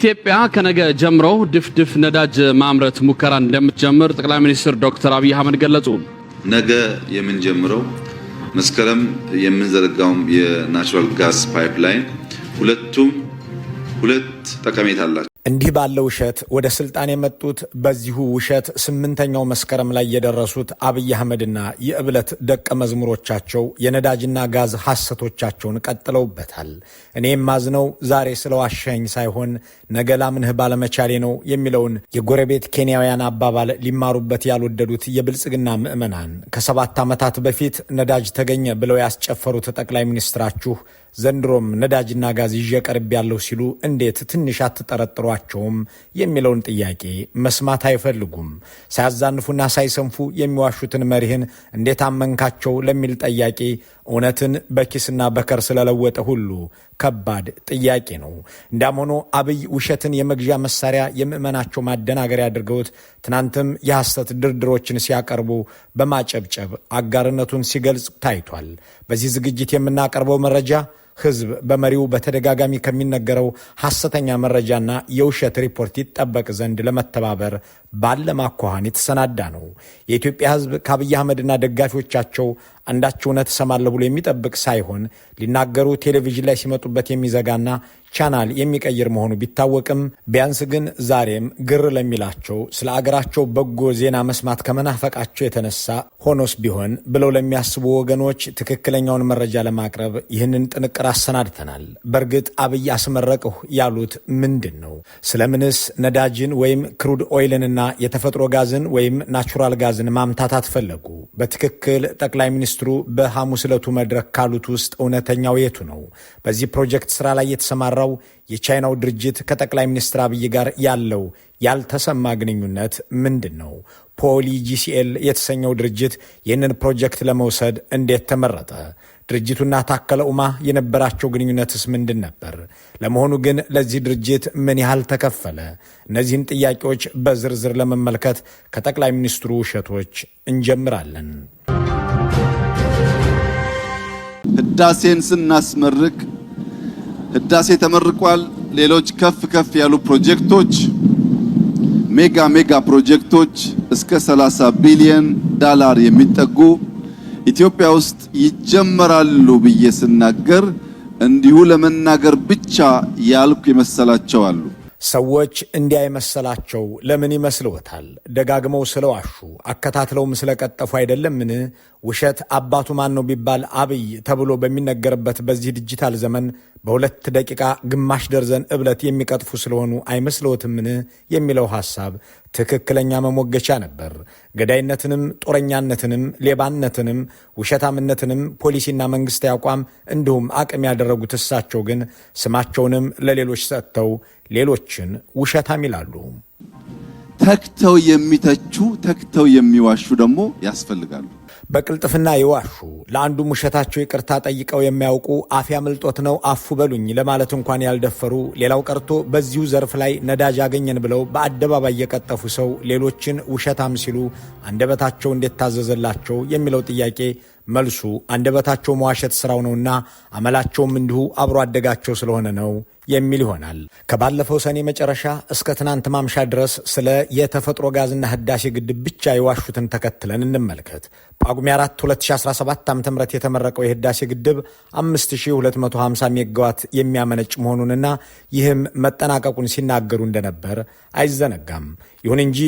ኢትዮጵያ ከነገ ጀምሮ ድፍድፍ ነዳጅ ማምረት ሙከራ እንደምትጀምር ጠቅላይ ሚኒስትር ዶክተር አብይ አህመድ ገለጹ። ነገ የምንጀምረው መስከረም የምንዘረጋው የናቹራል ጋዝ ፓይፕላይን ሁለቱም ሁለት ጠቀሜታ አላቸው። እንዲህ ባለው ውሸት ወደ ስልጣን የመጡት በዚሁ ውሸት ስምንተኛው መስከረም ላይ የደረሱት አብይ አህመድና የእብለት ደቀ መዝሙሮቻቸው የነዳጅና ጋዝ ሐሰቶቻቸውን ቀጥለውበታል። እኔ የማዝነው ዛሬ ስለዋሸኝ ሳይሆን ነገ ላምንህ ባለመቻሌ ነው የሚለውን የጎረቤት ኬንያውያን አባባል ሊማሩበት ያልወደዱት የብልጽግና ምዕመናን ከሰባት ዓመታት በፊት ነዳጅ ተገኘ ብለው ያስጨፈሩት ጠቅላይ ሚኒስትራችሁ ዘንድሮም ነዳጅና ጋዝ ይዤ ቀርብ ያለው ሲሉ እንዴት ትንሽ አትጠረጥሯቸውም የሚለውን ጥያቄ መስማት አይፈልጉም። ሳያዛንፉና ሳይሰንፉ የሚዋሹትን መሪህን እንዴት አመንካቸው ለሚል ጥያቄ እውነትን በኪስና በከር ስለለወጠ ሁሉ ከባድ ጥያቄ ነው። እንዲያም ሆኖ አብይ ውሸትን የመግዣ መሳሪያ የምዕመናቸው ማደናገሪያ አድርገውት ትናንትም የሐሰት ድርድሮችን ሲያቀርቡ በማጨብጨብ አጋርነቱን ሲገልጽ ታይቷል። በዚህ ዝግጅት የምናቀርበው መረጃ ህዝብ በመሪው በተደጋጋሚ ከሚነገረው ሐሰተኛ መረጃና የውሸት ሪፖርት ይጠበቅ ዘንድ ለመተባበር ባለ ማኳኋን የተሰናዳ ነው። የኢትዮጵያ ህዝብ ከአብይ አህመድና ደጋፊዎቻቸው አንዳች እውነት እሰማለሁ ብሎ የሚጠብቅ ሳይሆን ሊናገሩ ቴሌቪዥን ላይ ሲመጡበት የሚዘጋና ቻናል የሚቀይር መሆኑ ቢታወቅም ቢያንስ ግን ዛሬም ግር ለሚላቸው ስለ አገራቸው በጎ ዜና መስማት ከመናፈቃቸው የተነሳ ሆኖስ ቢሆን ብለው ለሚያስቡ ወገኖች ትክክለኛውን መረጃ ለማቅረብ ይህንን ጥንቅር አሰናድተናል። በእርግጥ አብይ አስመረቅሁ ያሉት ምንድን ነው? ስለምንስ ነዳጅን ወይም ክሩድ ኦይልንና የተፈጥሮ ጋዝን ወይም ናቹራል ጋዝን ማምታት አትፈለጉ በትክክል ጠቅላይ ሚኒስትሩ በሐሙስ ዕለቱ መድረክ ካሉት ውስጥ እውነተኛው የቱ ነው? በዚህ ፕሮጀክት ስራ ላይ የተሰማራ የሚመራው የቻይናው ድርጅት ከጠቅላይ ሚኒስትር አብይ ጋር ያለው ያልተሰማ ግንኙነት ምንድን ነው? ፖሊ ጂሲኤል የተሰኘው ድርጅት ይህንን ፕሮጀክት ለመውሰድ እንዴት ተመረጠ? ድርጅቱና ታከለ ኡማ የነበራቸው ግንኙነትስ ምንድን ነበር? ለመሆኑ ግን ለዚህ ድርጅት ምን ያህል ተከፈለ? እነዚህን ጥያቄዎች በዝርዝር ለመመልከት ከጠቅላይ ሚኒስትሩ ውሸቶች እንጀምራለን። ህዳሴን ስናስመርቅ ህዳሴ ተመርቋል። ሌሎች ከፍ ከፍ ያሉ ፕሮጀክቶች ሜጋ ሜጋ ፕሮጀክቶች እስከ 30 ቢሊዮን ዳላር የሚጠጉ ኢትዮጵያ ውስጥ ይጀመራሉ ብዬ ስናገር እንዲሁ ለመናገር ብቻ ያልኩ ይመሰላቸዋል። ሰዎች እንዲያ የመሰላቸው ለምን ይመስልዎታል? ደጋግመው ስለዋሹ አከታትለውም ስለቀጠፉ አይደለምን? ውሸት አባቱ ማን ነው ቢባል አብይ ተብሎ በሚነገርበት በዚህ ዲጂታል ዘመን በሁለት ደቂቃ ግማሽ ደርዘን እብለት የሚቀጥፉ ስለሆኑ አይመስልዎትምን? የሚለው ሐሳብ ትክክለኛ መሞገቻ ነበር። ገዳይነትንም፣ ጦረኛነትንም፣ ሌባነትንም፣ ውሸታምነትንም ፖሊሲና መንግሥታዊ አቋም እንዲሁም አቅም ያደረጉት እሳቸው ግን ስማቸውንም ለሌሎች ሰጥተው ሌሎችን ውሸታም ይላሉ። ተክተው የሚተቹ ተክተው የሚዋሹ ደግሞ ያስፈልጋሉ። በቅልጥፍና የዋሹ ለአንዱ ውሸታቸው ይቅርታ ጠይቀው የሚያውቁ አፍ ያምልጦት ነው አፉ በሉኝ ለማለት እንኳን ያልደፈሩ ሌላው ቀርቶ በዚሁ ዘርፍ ላይ ነዳጅ አገኘን ብለው በአደባባይ የቀጠፉ ሰው ሌሎችን ውሸታም ሲሉ አንደበታቸው እንዴት ታዘዘላቸው የሚለው ጥያቄ መልሱ አንደበታቸው መዋሸት ስራው ነውና አመላቸውም እንዲሁ አብሮ አደጋቸው ስለሆነ ነው የሚል ይሆናል። ከባለፈው ሰኔ መጨረሻ እስከ ትናንት ማምሻ ድረስ ስለ የተፈጥሮ ጋዝና ህዳሴ ግድብ ብቻ የዋሹትን ተከትለን እንመልከት። ጳጉሜ 4 2017 ዓ ም የተመረቀው የህዳሴ ግድብ 5250 ሜጋዋት የሚያመነጭ መሆኑንና ይህም መጠናቀቁን ሲናገሩ እንደነበር አይዘነጋም። ይሁን እንጂ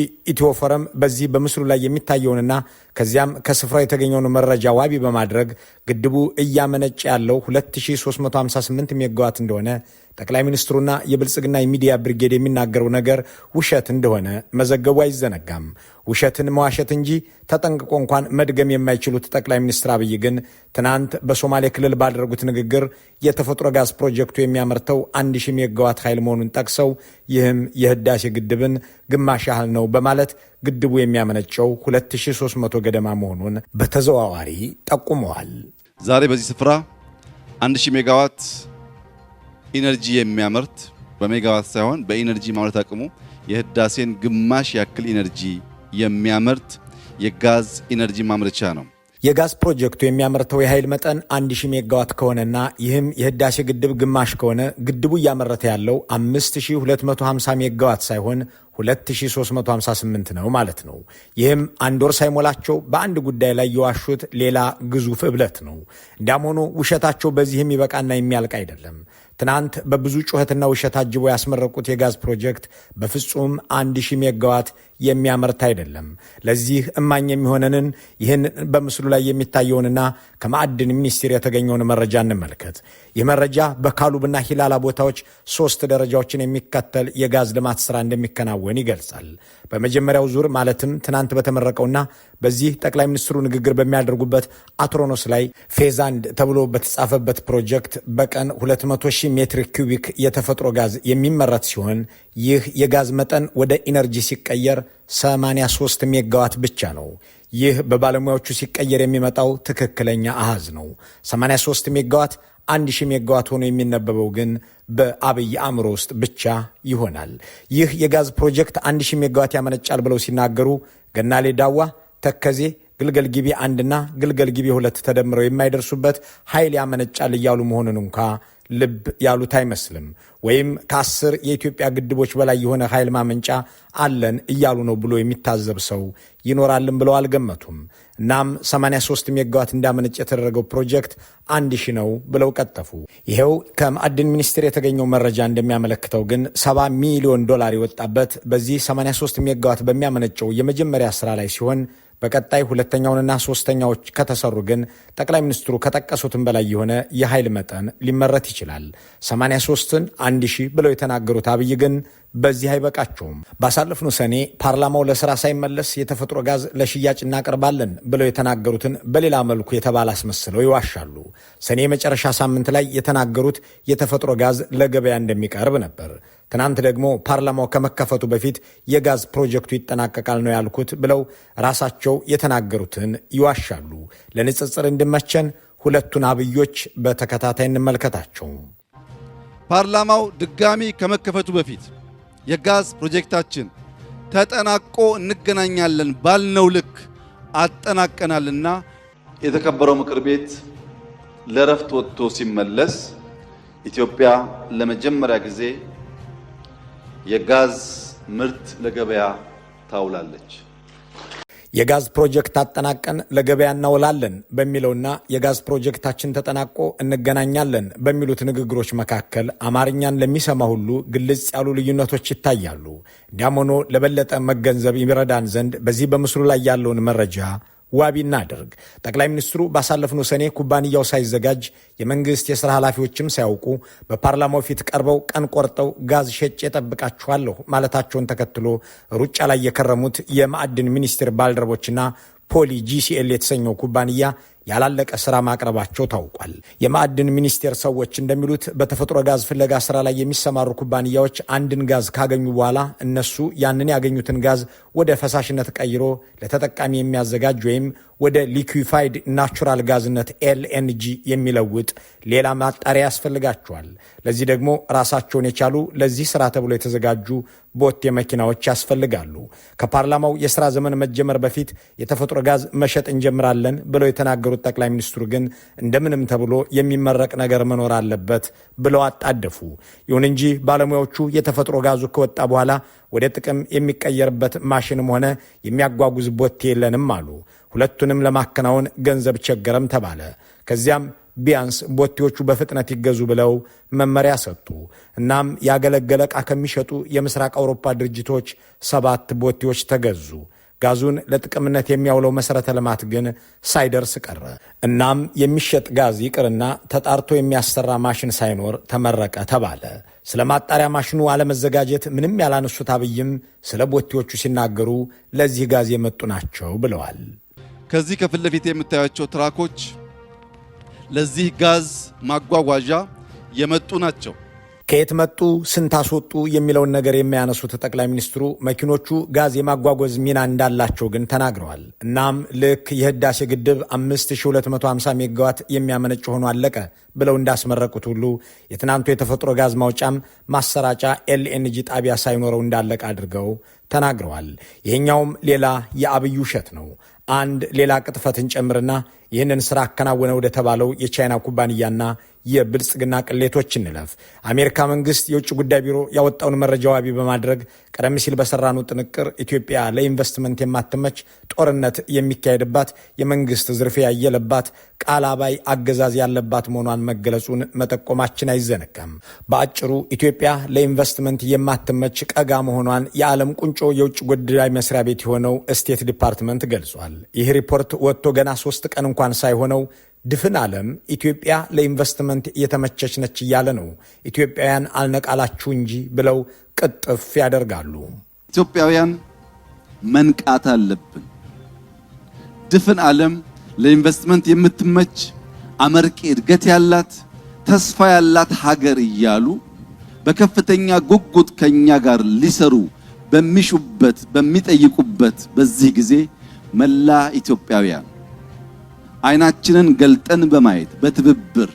ፎረም በዚህ በምስሉ ላይ የሚታየውንና ከዚያም ከስፍራው የተገኘውን መረጃ ዋቢ በማድረግ ግድቡ እያመነጭ ያለው 2358 ሜጋዋት እንደሆነ ጠቅላይ ሚኒስትሩና የብልጽግና የሚዲያ ብርጌድ የሚናገረው ነገር ውሸት እንደሆነ መዘገቡ አይዘነጋም። ውሸትን መዋሸት እንጂ ተጠንቅቆ እንኳን መድገም የማይችሉት ጠቅላይ ሚኒስትር አብይ ግን ትናንት በሶማሌ ክልል ባደረጉት ንግግር የተፈጥሮ ጋዝ ፕሮጀክቱ የሚያመርተው አንድ ሺህ ሜጋዋት ኃይል መሆኑን ጠቅሰው ይህም የህዳሴ ግድብን ግማሽ ያህል ነው በማለት ግድቡ የሚያመነጨው 2300 ገደማ መሆኑን በተዘዋዋሪ ጠቁመዋል። ዛሬ በዚህ ስፍራ 1000 ሜጋዋት ኢነርጂ የሚያመርት በሜጋዋት ሳይሆን በኢነርጂ ማምረት አቅሙ የህዳሴን ግማሽ ያክል ኢነርጂ የሚያመርት የጋዝ ኢነርጂ ማምረቻ ነው። የጋዝ ፕሮጀክቱ የሚያመርተው የኃይል መጠን 1000 ሜጋዋት ከሆነና ይህም የህዳሴ ግድብ ግማሽ ከሆነ ግድቡ እያመረተ ያለው 5250 ሜጋዋት ሳይሆን 2358 ነው ማለት ነው። ይህም አንድ ወር ሳይሞላቸው በአንድ ጉዳይ ላይ የዋሹት ሌላ ግዙፍ እብለት ነው። እንዳም ሆኖ ውሸታቸው በዚህ የሚበቃና የሚያልቅ አይደለም። ትናንት በብዙ ጩኸትና ውሸት አጅቦ ያስመረቁት የጋዝ ፕሮጀክት በፍጹም አንድ ሺህ ሜጋዋት የሚያመርት አይደለም። ለዚህ እማኝ የሚሆነንን ይህን በምስሉ ላይ የሚታየውንና ከማዕድን ሚኒስቴር የተገኘውን መረጃ እንመልከት። ይህ መረጃ በካሉብና ሂላላ ቦታዎች ሶስት ደረጃዎችን የሚከተል የጋዝ ልማት ስራ እንደሚከናወን ይገልጻል። በመጀመሪያው ዙር ማለትም ትናንት በተመረቀውና በዚህ ጠቅላይ ሚኒስትሩ ንግግር በሚያደርጉበት አትሮኖስ ላይ ፌዝ አንድ ተብሎ በተጻፈበት ፕሮጀክት በቀን 200 ሺህ ሜትር ኪዩቢክ የተፈጥሮ ጋዝ የሚመረት ሲሆን ይህ የጋዝ መጠን ወደ ኢነርጂ ሲቀየር 83 ሜጋዋት ብቻ ነው። ይህ በባለሙያዎቹ ሲቀየር የሚመጣው ትክክለኛ አሃዝ ነው። 83 ሜጋዋት 1000 ሜጋዋት ሆኖ የሚነበበው ግን በአብይ አእምሮ ውስጥ ብቻ ይሆናል። ይህ የጋዝ ፕሮጀክት 1000 ሜጋዋት ያመነጫል ብለው ሲናገሩ ገናሌ ዳዋ፣ ተከዜ ግልገል ጊቢ አንድና ግልገል ጊቤ ሁለት ተደምረው የማይደርሱበት ኃይል ያመነጫል እያሉ መሆኑን እንኳ ልብ ያሉት አይመስልም። ወይም ከአስር የኢትዮጵያ ግድቦች በላይ የሆነ ኃይል ማመንጫ አለን እያሉ ነው ብሎ የሚታዘብ ሰው ይኖራልን ብለው አልገመቱም። እናም 83 ሜጋዋት እንዳመነጭ የተደረገው ፕሮጀክት አንድ ሺ ነው ብለው ቀጠፉ። ይኸው ከማዕድን ሚኒስቴር የተገኘው መረጃ እንደሚያመለክተው ግን 70 ሚሊዮን ዶላር የወጣበት በዚህ 83 ሜጋዋት በሚያመነጨው የመጀመሪያ ስራ ላይ ሲሆን በቀጣይ ሁለተኛውንና ሶስተኛዎች ከተሰሩ ግን ጠቅላይ ሚኒስትሩ ከጠቀሱትን በላይ የሆነ የኃይል መጠን ሊመረት ይችላል። 83ን አንድ ሺህ ብለው የተናገሩት አብይ ግን በዚህ አይበቃቸውም። ባሳለፍነው ሰኔ ፓርላማው ለስራ ሳይመለስ የተፈጥሮ ጋዝ ለሽያጭ እናቀርባለን ብለው የተናገሩትን በሌላ መልኩ የተባለ አስመስለው ይዋሻሉ። ሰኔ የመጨረሻ ሳምንት ላይ የተናገሩት የተፈጥሮ ጋዝ ለገበያ እንደሚቀርብ ነበር። ትናንት ደግሞ ፓርላማው ከመከፈቱ በፊት የጋዝ ፕሮጀክቱ ይጠናቀቃል ነው ያልኩት ብለው ራሳቸው የተናገሩትን ይዋሻሉ። ለንጽጽር እንድመቸን ሁለቱን አብዮች በተከታታይ እንመልከታቸው። ፓርላማው ድጋሚ ከመከፈቱ በፊት የጋዝ ፕሮጀክታችን ተጠናቆ እንገናኛለን ባልነው ልክ አጠናቀናልና የተከበረው ምክር ቤት ለረፍት ወጥቶ ሲመለስ ኢትዮጵያ ለመጀመሪያ ጊዜ የጋዝ ምርት ለገበያ ታውላለች። የጋዝ ፕሮጀክት አጠናቀን ለገበያ እናውላለን በሚለውና የጋዝ ፕሮጀክታችን ተጠናቆ እንገናኛለን በሚሉት ንግግሮች መካከል አማርኛን ለሚሰማ ሁሉ ግልጽ ያሉ ልዩነቶች ይታያሉ። እንዲያም ሆኖ ለበለጠ መገንዘብ ይረዳን ዘንድ በዚህ በምስሉ ላይ ያለውን መረጃ ዋቢ እናድርግ። ጠቅላይ ሚኒስትሩ ባሳለፍነው ሰኔ ኩባንያው ሳይዘጋጅ የመንግስት የስራ ኃላፊዎችም ሳያውቁ በፓርላማው ፊት ቀርበው ቀን ቆርጠው ጋዝ ሸጬ ጠብቃችኋለሁ ማለታቸውን ተከትሎ ሩጫ ላይ የከረሙት የማዕድን ሚኒስቴር ባልደረቦችና ፖሊ ጂሲኤል የተሰኘው ኩባንያ ያላለቀ ስራ ማቅረባቸው ታውቋል። የማዕድን ሚኒስቴር ሰዎች እንደሚሉት በተፈጥሮ ጋዝ ፍለጋ ስራ ላይ የሚሰማሩ ኩባንያዎች አንድን ጋዝ ካገኙ በኋላ እነሱ ያንን ያገኙትን ጋዝ ወደ ፈሳሽነት ቀይሮ ለተጠቃሚ የሚያዘጋጅ ወይም ወደ ሊኩፋይድ ናቹራል ጋዝነት ኤልኤንጂ የሚለውጥ ሌላ ማጣሪያ ያስፈልጋቸዋል። ለዚህ ደግሞ ራሳቸውን የቻሉ ለዚህ ስራ ተብሎ የተዘጋጁ ቦቴ መኪናዎች ያስፈልጋሉ። ከፓርላማው የስራ ዘመን መጀመር በፊት የተፈጥሮ ጋዝ መሸጥ እንጀምራለን ብለው የተናገሩ የተናገሩት ጠቅላይ ሚኒስትሩ ግን እንደምንም ተብሎ የሚመረቅ ነገር መኖር አለበት ብለው አጣደፉ። ይሁን እንጂ ባለሙያዎቹ የተፈጥሮ ጋዙ ከወጣ በኋላ ወደ ጥቅም የሚቀየርበት ማሽንም ሆነ የሚያጓጉዝ ቦቴ የለንም አሉ። ሁለቱንም ለማከናወን ገንዘብ ቸገረም ተባለ። ከዚያም ቢያንስ ቦቴዎቹ በፍጥነት ይገዙ ብለው መመሪያ ሰጡ። እናም ያገለገለ ዕቃ ከሚሸጡ የምስራቅ አውሮፓ ድርጅቶች ሰባት ቦቴዎች ተገዙ። ጋዙን ለጥቅምነት የሚያውለው መሰረተ ልማት ግን ሳይደርስ ቀረ። እናም የሚሸጥ ጋዝ ይቅርና ተጣርቶ የሚያሰራ ማሽን ሳይኖር ተመረቀ ተባለ። ስለ ማጣሪያ ማሽኑ አለመዘጋጀት ምንም ያላነሱት አብይም ስለ ቦቴዎቹ ሲናገሩ ለዚህ ጋዝ የመጡ ናቸው ብለዋል። ከዚህ ከፊት ለፊት የምታያቸው ትራኮች ለዚህ ጋዝ ማጓጓዣ የመጡ ናቸው። ከየት መጡ፣ ስንት አስወጡ የሚለውን ነገር የሚያነሱት ጠቅላይ ሚኒስትሩ መኪኖቹ ጋዝ የማጓጓዝ ሚና እንዳላቸው ግን ተናግረዋል። እናም ልክ የህዳሴ ግድብ 5250 ሜጋዋት የሚያመነጭ ሆኖ አለቀ ብለው እንዳስመረቁት ሁሉ የትናንቱ የተፈጥሮ ጋዝ ማውጫም ማሰራጫ ኤልኤንጂ ጣቢያ ሳይኖረው እንዳለቀ አድርገው ተናግረዋል። ይህኛውም ሌላ የአብይ ውሸት ነው። አንድ ሌላ ቅጥፈትን ጨምርና ይህንን ስራ አከናወነ ወደ ተባለው የቻይና ኩባንያና የብልጽግና ቅሌቶች እንለፍ። አሜሪካ መንግስት የውጭ ጉዳይ ቢሮ ያወጣውን መረጃ ዋቢ በማድረግ ቀደም ሲል በሰራኑ ጥንቅር ኢትዮጵያ ለኢንቨስትመንት የማትመች ጦርነት የሚካሄድባት የመንግስት ዝርፊያ ያየለባት ቃል አባይ አገዛዝ ያለባት መሆኗን መገለጹን መጠቆማችን አይዘነጋም። በአጭሩ ኢትዮጵያ ለኢንቨስትመንት የማትመች ቀጋ መሆኗን የዓለም ቁንጮ የውጭ ጉዳይ መስሪያ ቤት የሆነው ስቴት ዲፓርትመንት ገልጿል። ይህ ሪፖርት ወጥቶ ገና ሶስት ቀን እንኳን ሳይሆነው ድፍን ዓለም ኢትዮጵያ ለኢንቨስትመንት እየተመቸች ነች እያለ ነው። ኢትዮጵያውያን አልነቃላችሁ እንጂ ብለው ቅጥፍ ያደርጋሉ። ኢትዮጵያውያን መንቃት አለብን። ድፍን ዓለም ለኢንቨስትመንት የምትመች አመርቂ እድገት ያላት ተስፋ ያላት ሀገር እያሉ በከፍተኛ ጉጉት ከኛ ጋር ሊሰሩ በሚሹበት በሚጠይቁበት በዚህ ጊዜ መላ ኢትዮጵያውያን አይናችንን ገልጠን በማየት በትብብር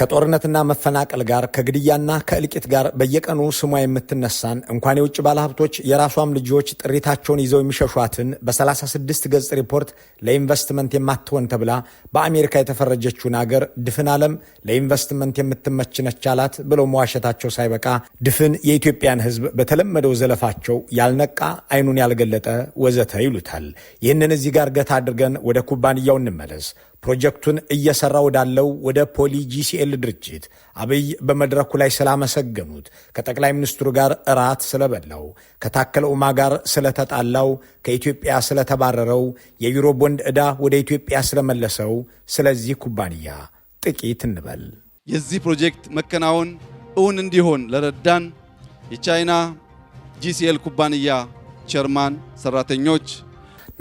ከጦርነትና መፈናቀል ጋር ከግድያና ከእልቂት ጋር በየቀኑ ስሟ የምትነሳን እንኳን የውጭ ባለሀብቶች የራሷም ልጆች ጥሪታቸውን ይዘው የሚሸሿትን በ36 ገጽ ሪፖርት ለኢንቨስትመንት የማትሆን ተብላ በአሜሪካ የተፈረጀችውን አገር ድፍን ዓለም ለኢንቨስትመንት የምትመችነች አላት ብለው መዋሸታቸው ሳይበቃ ድፍን የኢትዮጵያን ሕዝብ በተለመደው ዘለፋቸው ያልነቃ አይኑን ያልገለጠ ወዘተ ይሉታል። ይህንን እዚህ ጋር ገታ አድርገን ወደ ኩባንያው እንመለስ። ፕሮጀክቱን እየሰራ ወዳለው ወደ ፖሊ ጂሲኤል ድርጅት አብይ በመድረኩ ላይ ስላመሰገኑት፣ ከጠቅላይ ሚኒስትሩ ጋር እራት ስለበላው፣ ከታከለ ኡማ ጋር ስለተጣላው፣ ከኢትዮጵያ ስለተባረረው፣ የዩሮ ቦንድ ዕዳ ወደ ኢትዮጵያ ስለመለሰው ስለዚህ ኩባንያ ጥቂት እንበል። የዚህ ፕሮጀክት መከናወን እውን እንዲሆን ለረዳን የቻይና ጂሲኤል ኩባንያ ቸርማን ሰራተኞች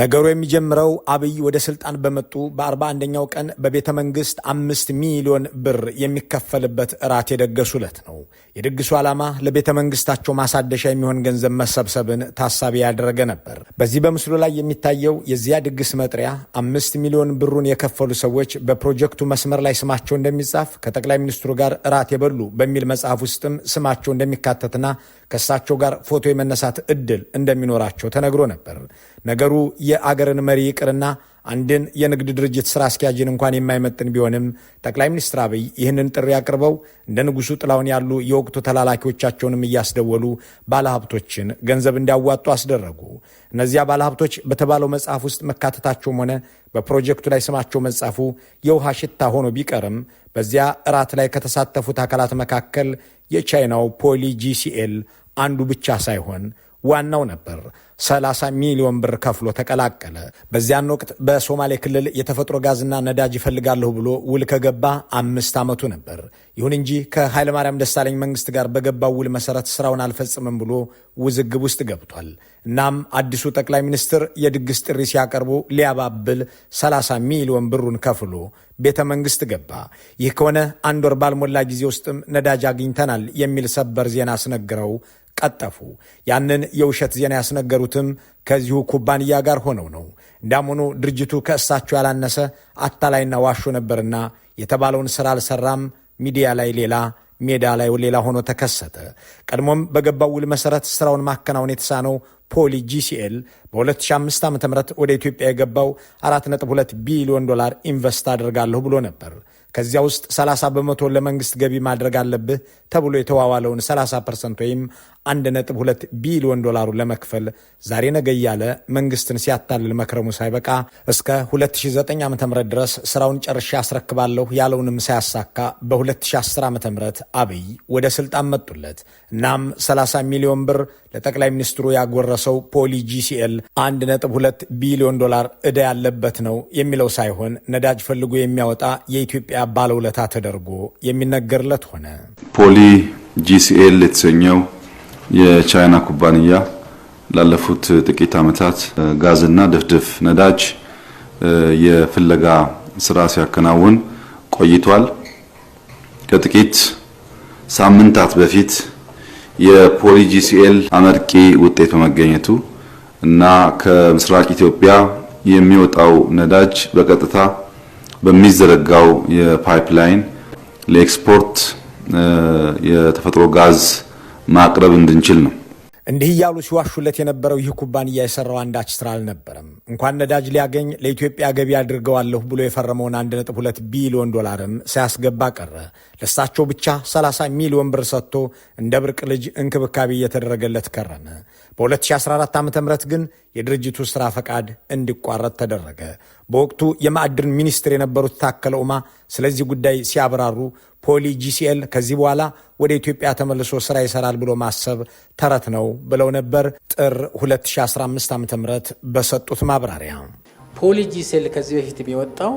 ነገሩ የሚጀምረው አብይ ወደ ስልጣን በመጡ በአርባ አንደኛው ቀን በቤተ መንግስት አምስት ሚሊዮን ብር የሚከፈልበት እራት የደገሱ ለት ነው። የድግሱ ዓላማ ለቤተ መንግስታቸው ማሳደሻ የሚሆን ገንዘብ መሰብሰብን ታሳቢ ያደረገ ነበር። በዚህ በምስሉ ላይ የሚታየው የዚያ ድግስ መጥሪያ አምስት ሚሊዮን ብሩን የከፈሉ ሰዎች በፕሮጀክቱ መስመር ላይ ስማቸው እንደሚጻፍ ከጠቅላይ ሚኒስትሩ ጋር እራት የበሉ በሚል መጽሐፍ ውስጥም ስማቸው እንደሚካተትና ከእሳቸው ጋር ፎቶ የመነሳት እድል እንደሚኖራቸው ተነግሮ ነበር። ነገሩ የአገርን መሪ ይቅርና አንድን የንግድ ድርጅት ስራ አስኪያጅን እንኳን የማይመጥን ቢሆንም ጠቅላይ ሚኒስትር አብይ ይህንን ጥሪ አቅርበው እንደ ንጉሱ ጥላውን ያሉ የወቅቱ ተላላኪዎቻቸውንም እያስደወሉ ባለሀብቶችን ገንዘብ እንዲያዋጡ አስደረጉ። እነዚያ ባለሀብቶች በተባለው መጽሐፍ ውስጥ መካተታቸውም ሆነ በፕሮጀክቱ ላይ ስማቸው መጻፉ የውሃ ሽታ ሆኖ ቢቀርም በዚያ እራት ላይ ከተሳተፉት አካላት መካከል የቻይናው ፖሊ ጂሲኤል አንዱ ብቻ ሳይሆን ዋናው ነበር። 30 ሚሊዮን ብር ከፍሎ ተቀላቀለ። በዚያን ወቅት በሶማሌ ክልል የተፈጥሮ ጋዝና ነዳጅ ይፈልጋለሁ ብሎ ውል ከገባ አምስት ዓመቱ ነበር። ይሁን እንጂ ከኃይለማርያም ደሳለኝ መንግስት ጋር በገባው ውል መሰረት ስራውን አልፈጽምም ብሎ ውዝግብ ውስጥ ገብቷል። እናም አዲሱ ጠቅላይ ሚኒስትር የድግስ ጥሪ ሲያቀርቡ ሊያባብል 30 ሚሊዮን ብሩን ከፍሎ ቤተ መንግስት ገባ። ይህ ከሆነ አንድ ወር ባልሞላ ጊዜ ውስጥም ነዳጅ አግኝተናል የሚል ሰበር ዜና አስነግረው ቀጠፉ። ያንን የውሸት ዜና ያስነገሩትም ከዚሁ ኩባንያ ጋር ሆነው ነው። እንዳም ሆኖ ድርጅቱ ከእሳቸው ያላነሰ አታላይና ዋሾ ነበርና የተባለውን ስራ አልሰራም። ሚዲያ ላይ ሌላ ሜዳ ላይ ሌላ ሆኖ ተከሰተ። ቀድሞም በገባው ውል መሰረት ስራውን ማከናወን የተሳነው ፖሊ ጂሲኤል በ2005 ዓ ም ወደ ኢትዮጵያ የገባው 4.2 ቢሊዮን ዶላር ኢንቨስት አድርጋለሁ ብሎ ነበር። ከዚያ ውስጥ 30 በመቶ ለመንግስት ገቢ ማድረግ አለብህ ተብሎ የተዋዋለውን 30 ፐርሰንት ወይም 1.2 ቢሊዮን ዶላሩን ለመክፈል ዛሬ ነገ እያለ መንግስትን ሲያታልል መክረሙ ሳይበቃ እስከ 2009 ዓ ም ድረስ ስራውን ጨርሼ አስረክባለሁ ያለውንም ሳያሳካ በ2010 ዓ ም አብይ ወደ ስልጣን መጡለት። እናም 30 ሚሊዮን ብር ለጠቅላይ ሚኒስትሩ ያጎረሰው ፖሊ ጂሲኤል 1.2 ቢሊዮን ዶላር ዕዳ ያለበት ነው የሚለው ሳይሆን ነዳጅ ፈልጎ የሚያወጣ የኢትዮጵያ ባለ ባለውለታ ተደርጎ የሚነገርለት ሆነ። ፖሊ ጂሲኤል የተሰኘው የቻይና ኩባንያ ላለፉት ጥቂት ዓመታት ጋዝና ድፍድፍ ነዳጅ የፍለጋ ስራ ሲያከናውን ቆይቷል። ከጥቂት ሳምንታት በፊት የፖሊ ጂሲኤል አመርቂ ውጤት በመገኘቱ እና ከምስራቅ ኢትዮጵያ የሚወጣው ነዳጅ በቀጥታ በሚዘረጋው የፓይፕላይን ለኤክስፖርት የተፈጥሮ ጋዝ ማቅረብ እንድንችል ነው። እንዲህ እያሉ ሲዋሹለት የነበረው ይህ ኩባንያ የሰራው አንዳች ስራ አልነበረም። እንኳን ነዳጅ ሊያገኝ ለኢትዮጵያ ገቢ አድርገዋለሁ ብሎ የፈረመውን 1.2 ቢሊዮን ዶላርም ሳያስገባ ቀረ። ለእሳቸው ብቻ 30 ሚሊዮን ብር ሰጥቶ እንደ ብርቅ ልጅ እንክብካቤ እየተደረገለት ከረመ። በ2014 ዓ ም ግን የድርጅቱ ሥራ ፈቃድ እንዲቋረጥ ተደረገ። በወቅቱ የማዕድን ሚኒስትር የነበሩት ታከለ ኡማ ስለዚህ ጉዳይ ሲያብራሩ ፖሊ ጂሲኤል ከዚህ በኋላ ወደ ኢትዮጵያ ተመልሶ ሥራ ይሠራል ብሎ ማሰብ ተረት ነው ብለው ነበር። ጥር 2015 ዓ ም በሰጡት ማብራሪያ ፖሊ ጂሲኤል ከዚህ በፊት የወጣው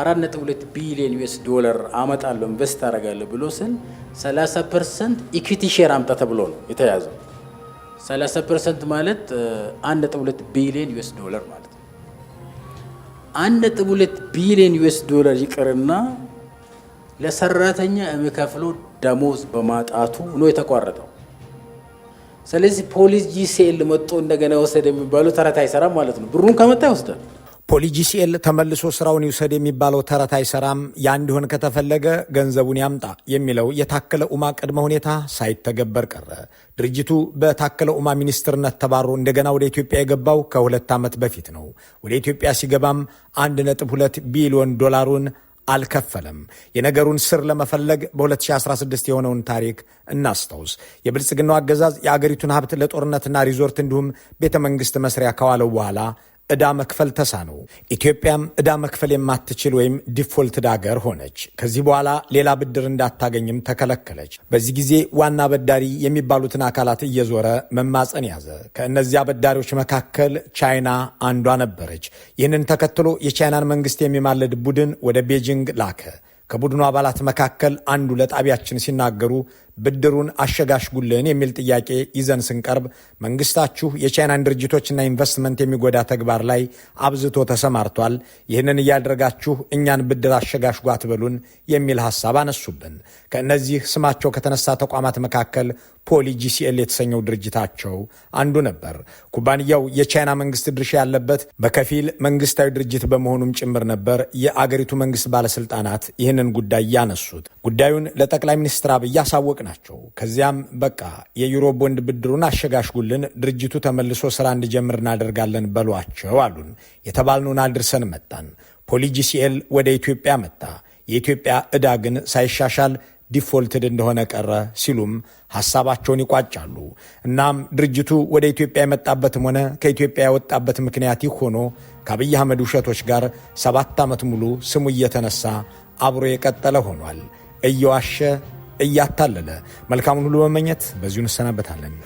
4.2 ቢሊዮን ዩኤስ ዶላር አመጣለሁ ኢንቨስት አደርጋለሁ ብሎ ስን 30 ፐርሰንት ኢኩዊቲ ሼር አምጣ ተብሎ ነው የተያዘው። 30 ፐርሰንት ማለት 1.2 ቢሊዮን ዩኤስ ዶላር ማለት ነው። 1.2 ቢሊዮን ዩኤስ ዶላር ይቅርና ለሰራተኛ የሚከፍለው ደሞዝ በማጣቱ ነው የተቋረጠው። ስለዚህ ፖሊስ ጂሲኤል መጥቶ እንደገና ወሰደ የሚባለው ተረት አይሰራም ማለት ነው። ብሩን ከመጣ ይወስዳል። ፖሊጂሲኤል ተመልሶ ስራውን ይውሰድ የሚባለው ተረት አይሰራም። ያን እንዲሆን ከተፈለገ ገንዘቡን ያምጣ የሚለው የታከለ ኡማ ቅድመ ሁኔታ ሳይተገበር ቀረ። ድርጅቱ በታከለ ኡማ ሚኒስትርነት ተባሮ እንደገና ወደ ኢትዮጵያ የገባው ከሁለት ዓመት በፊት ነው። ወደ ኢትዮጵያ ሲገባም ሁለት ቢሊዮን ዶላሩን አልከፈለም። የነገሩን ስር ለመፈለግ በ2016 የሆነውን ታሪክ እናስታውስ። የብልጽግናው አገዛዝ የአገሪቱን ሀብት ለጦርነትና ሪዞርት እንዲሁም ቤተ መንግስት መስሪያ ከዋለው በኋላ ዕዳ መክፈል ነው። ኢትዮጵያም ዕዳ መክፈል የማትችል ወይም ዲፎልትድ አገር ሆነች። ከዚህ በኋላ ሌላ ብድር እንዳታገኝም ተከለከለች። በዚህ ጊዜ ዋና በዳሪ የሚባሉትን አካላት እየዞረ መማፀን ያዘ። ከእነዚያ በዳሪዎች መካከል ቻይና አንዷ ነበረች። ይህንን ተከትሎ የቻይናን መንግስት የሚማልድ ቡድን ወደ ቤጂንግ ላከ። ከቡድኑ አባላት መካከል አንዱ ለጣቢያችን ሲናገሩ ብድሩን አሸጋሽጉልን የሚል ጥያቄ ይዘን ስንቀርብ መንግስታችሁ የቻይናን ድርጅቶችና ኢንቨስትመንት የሚጎዳ ተግባር ላይ አብዝቶ ተሰማርቷል፣ ይህንን እያደረጋችሁ እኛን ብድር አሸጋሽጉ አትበሉን የሚል ሀሳብ አነሱብን። ከእነዚህ ስማቸው ከተነሳ ተቋማት መካከል ፖሊ ጂሲኤል የተሰኘው ድርጅታቸው አንዱ ነበር። ኩባንያው የቻይና መንግስት ድርሻ ያለበት በከፊል መንግስታዊ ድርጅት በመሆኑም ጭምር ነበር የአገሪቱ መንግስት ባለስልጣናት ይህንን ጉዳይ ያነሱት። ጉዳዩን ለጠቅላይ ሚኒስትር አብይ አሳወቅ ነው ናቸው። ከዚያም በቃ የዩሮ ቦንድ ብድሩን አሸጋሽጉልን፣ ድርጅቱ ተመልሶ ስራ እንዲጀምር እናደርጋለን በሏቸው አሉን። የተባልኑን አድርሰን መጣን። ፖሊጂሲኤል ወደ ኢትዮጵያ መጣ። የኢትዮጵያ ዕዳ ግን ሳይሻሻል ዲፎልትድ እንደሆነ ቀረ ሲሉም ሐሳባቸውን ይቋጫሉ። እናም ድርጅቱ ወደ ኢትዮጵያ የመጣበትም ሆነ ከኢትዮጵያ የወጣበት ምክንያት ይህ ሆኖ ከአብይ አህመድ ውሸቶች ጋር ሰባት ዓመት ሙሉ ስሙ እየተነሳ አብሮ የቀጠለ ሆኗል። እየዋሸ እያታለለ መልካሙን ሁሉ በመመኘት በዚሁ እንሰናበታለን።